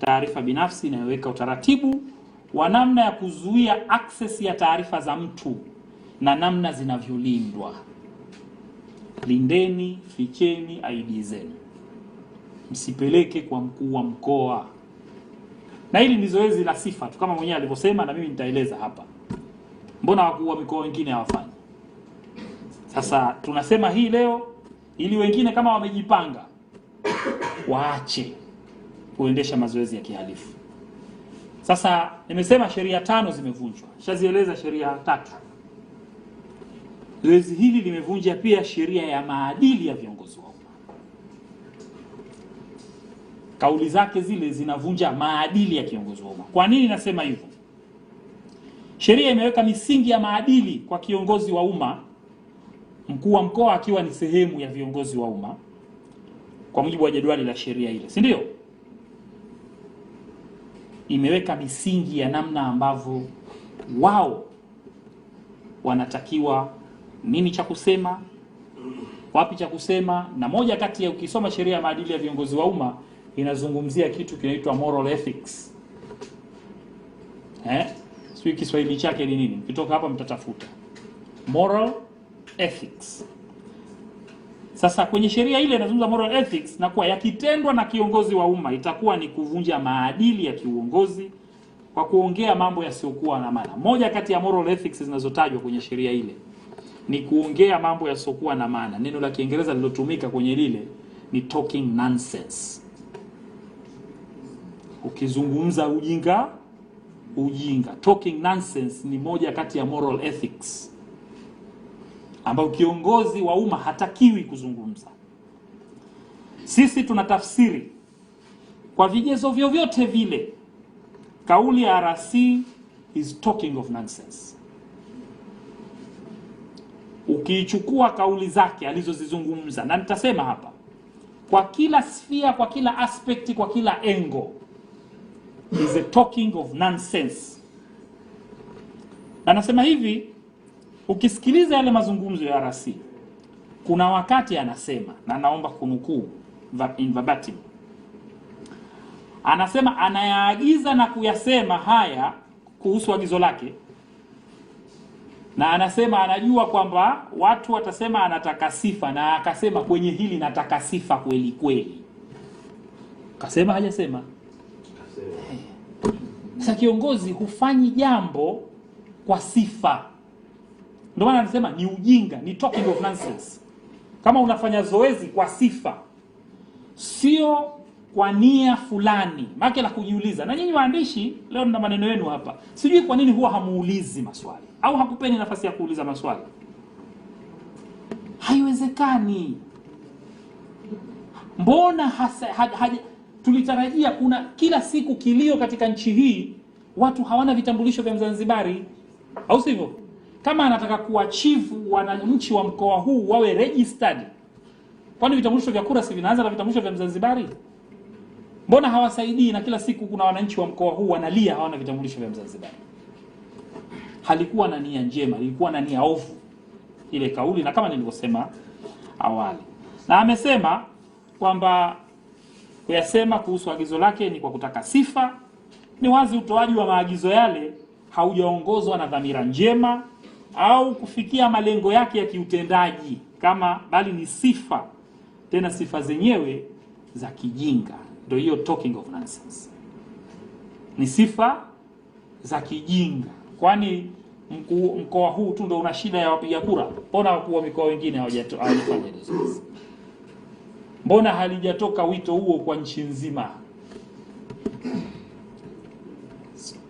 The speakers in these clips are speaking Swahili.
taarifa binafsi inayoweka utaratibu wa namna ya kuzuia access ya taarifa za mtu na namna zinavyolindwa. Lindeni, ficheni ID zenu, msipeleke kwa mkuu wa mkoa. Na hili ni zoezi la sifa tu kama mwenyewe alivyosema, na mimi nitaeleza hapa mbona wakuu wa mikoa wengine hawafanyi. Sasa tunasema hii leo ili wengine kama wamejipanga waache kuendesha mazoezi ya kihalifu. Sasa nimesema sheria tano zimevunjwa, shazieleza sheria tatu. Zoezi hili limevunja pia sheria ya maadili ya viongozi wa umma. Kauli zake zile zinavunja maadili ya kiongozi wa umma. Kwa nini nasema hivyo? Sheria imeweka misingi ya maadili kwa kiongozi wa umma, mkuu wa mkoa akiwa ni sehemu ya viongozi wa umma, kwa mujibu wa jedwali la sheria ile, si ndio? imeweka misingi ya namna ambavyo wao wanatakiwa nini cha kusema, wapi cha kusema. Na moja kati ya, ukisoma sheria ya maadili ya viongozi wa umma inazungumzia kitu kinaitwa moral ethics eh, sio Kiswahili chake ni nini? Kitoka hapa mtatafuta moral ethics. Sasa kwenye sheria ile inazungumza moral ethics na kuwa yakitendwa na kiongozi wa umma itakuwa ni kuvunja maadili ya kiuongozi kwa kuongea mambo yasiyokuwa na maana. Moja kati ya moral ethics zinazotajwa kwenye sheria ile ni kuongea mambo yasiyokuwa na maana. Neno la Kiingereza lilotumika kwenye lile ni talking nonsense. Ukizungumza ujinga ujinga. Talking nonsense ni moja kati ya moral ethics ambayo kiongozi wa umma hatakiwi kuzungumza. Sisi tuna tafsiri kwa vigezo vyovyote vile kauli ya RC is talking of nonsense. Ukiichukua kauli zake alizozizungumza, na nitasema hapa kwa kila sfia kwa kila aspect, kwa kila engo is a talking of nonsense, na nasema hivi Ukisikiliza yale mazungumzo ya RC, kuna wakati anasema na naomba kunukuu in anasema anayaagiza na kuyasema haya kuhusu agizo lake, na anasema anajua kwamba watu watasema anataka sifa, na akasema kwenye hili nataka sifa kweli kweli. Kasema hajasema? Sasa kiongozi hufanyi jambo kwa sifa ndio maana anasema ni ujinga, ni talking of nonsense. Kama unafanya zoezi kwa sifa, sio kwa nia fulani, maana la kujiuliza. Na nyinyi waandishi leo nina maneno yenu hapa, sijui kwa nini huwa hamuulizi maswali au hakupeni nafasi ya kuuliza maswali. Haiwezekani. Mbona hasa, ha, ha, tulitarajia kuna kila siku kilio katika nchi hii, watu hawana vitambulisho vya Mzanzibari, au sivyo? kama anataka kuachivu wananchi wa mkoa huu wawe registered, kwani vitambulisho vya kura si vinaanza na vitambulisho vya Mzanzibari? Mbona hawasaidii? Na kila siku kuna wananchi wa mkoa huu wanalia hawana vitambulisho vya Mzanzibari. Halikuwa na nia njema, ilikuwa na nia ofu ile kauli, na kama nilivyosema awali, na amesema kwamba kuyasema kuhusu agizo lake ni kwa kutaka sifa. Ni wazi utoaji wa maagizo yale haujaongozwa na dhamira njema au kufikia malengo yake ya kiutendaji kama, bali ni sifa, tena sifa zenyewe za kijinga. Ndio hiyo talking of nonsense, ni sifa za kijinga. Kwani mkoa huu tu ndio una shida ya wapiga kura? Mbona wakuu wa mikoa wengine hawajafanya hizo? Mbona halijatoka wito huo kwa nchi nzima?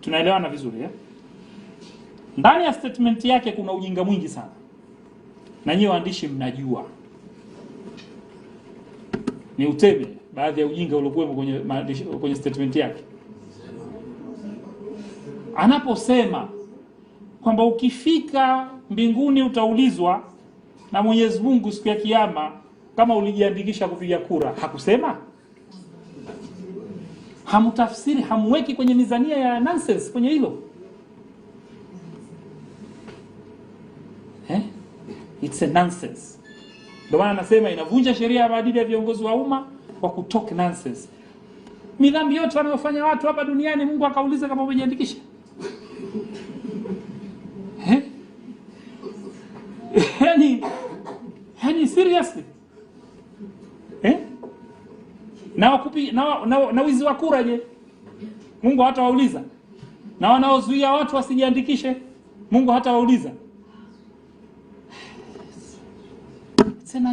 Tunaelewana vizuri eh? Ndani ya statement yake kuna ujinga mwingi sana, na nyiwe waandishi mnajua. Ni uteme baadhi ya ujinga uliokuwepo kwenye, kwenye statement yake anaposema kwamba ukifika mbinguni utaulizwa na Mwenyezi Mungu siku ya Kiyama kama ulijiandikisha kupiga kura. Hakusema, hamtafsiri, hamweki kwenye mizania ya nonsense kwenye hilo. It's a nonsense. Ndio maana anasema inavunja sheria ya maadili ya viongozi wa umma kwa kutalk nonsense. Midhambi yote wanayofanya watu hapa duniani, Mungu akauliza kama umejiandikisha eh? Yani, yani seriously eh? na wakupi, na, na, na wizi wa kura je, Mungu hatawauliza? Na wanaozuia watu wasijiandikishe, Mungu hatawauliza? Sen